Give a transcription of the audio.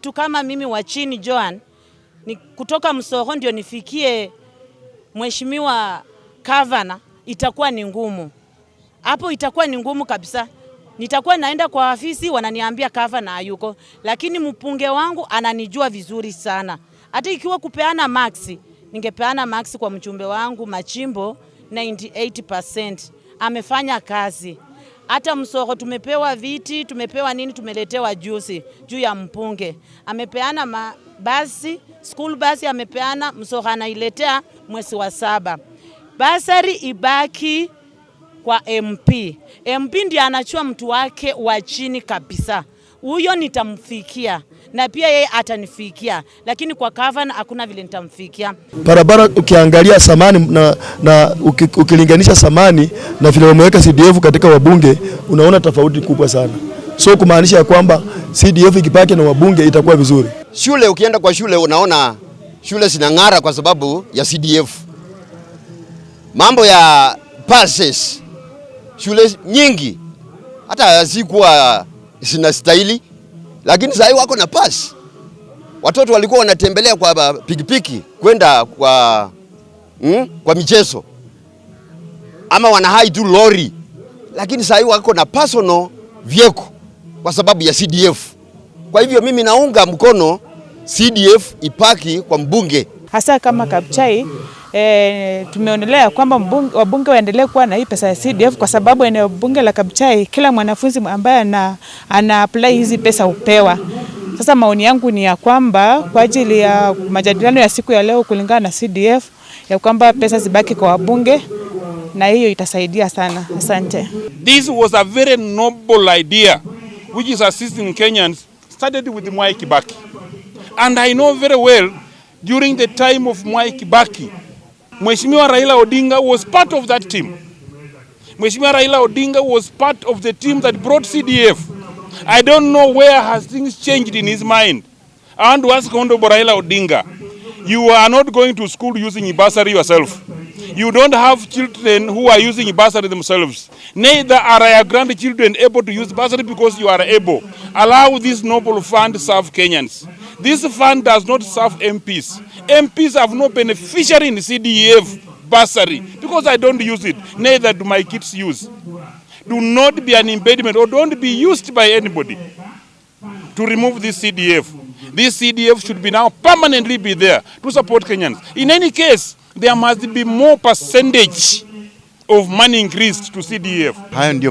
mtu kama mimi wa chini Joan ni kutoka Msoho ndio nifikie mheshimiwa Kavana, itakuwa ni ngumu hapo, itakuwa ni ngumu kabisa. Nitakuwa naenda kwa afisi, wananiambia Kavana hayuko, lakini mpunge wangu ananijua vizuri sana. Hata ikiwa kupeana maxi, ningepeana maxi kwa mchumbe wangu Machimbo 98%, amefanya kazi. Hata msoko tumepewa viti, tumepewa nini, tumeletewa juzi juu ya mpunge. Amepeana ma basi, school basi amepeana, msoko anailetea mwezi wa saba. Basari ibaki kwa MP. MP ndiye anachua mtu wake wa chini kabisa huyo nitamfikia na pia yeye atanifikia, lakini kwa Kavan hakuna vile nitamfikia. Barabara ukiangalia samani na, na ukilinganisha samani na vile wameweka CDF katika wabunge, unaona tofauti kubwa sana, so kumaanisha ya kwamba CDF ikipaki na wabunge itakuwa vizuri. Shule ukienda kwa shule unaona shule zinang'ara kwa sababu ya CDF. Mambo ya passes shule nyingi hata hazikuwa zinastahili, lakini sahii wako na pasi. Watoto walikuwa wanatembelea kwa pikipiki kwenda kwa, mm, kwa michezo ama wana hai tu lori, lakini sahii wako na personal vyeko kwa sababu ya CDF. Kwa hivyo mimi naunga mkono CDF ipaki kwa mbunge, hasa kama Kabuchai. E, eh, tumeonelea kwamba wabunge waendelee kuwa na hii pesa ya CDF kwa sababu eneo bunge la Kabuchai kila mwanafunzi ambaye ana, ana apply hizi pesa upewa. Sasa maoni yangu ni ya kwamba kwa ajili ya majadiliano ya siku ya leo kulingana na CDF ya kwamba pesa zibaki kwa wabunge na hiyo itasaidia sana. Asante. This was a very noble idea which is assisting Kenyans started with Mwai Kibaki. And I know very well during the time of Mwai Kibaki, Mheshimiwa Raila Odinga was part of that team. Mheshimiwa Raila Odinga was part of the team that brought CDF. I don't know where has things changed in his mind. I want to ask Honorable Raila Odinga, you are not going to school using Ibasari yourself. You don't have children who are using bursary themselves. Neither are your grandchildren able to use bursary because you are able. Allow this noble fund to serve Kenyans. This fund does not serve MPs. MPs have no beneficiary in CDF e bursary because I don't use it, neither do my kids use. Do not be an impediment or don't be used by anybody to remove this CDF. E this CDF e should be now permanently be there to support Kenyans. In any case, there must be more percentage of money increased to CDF.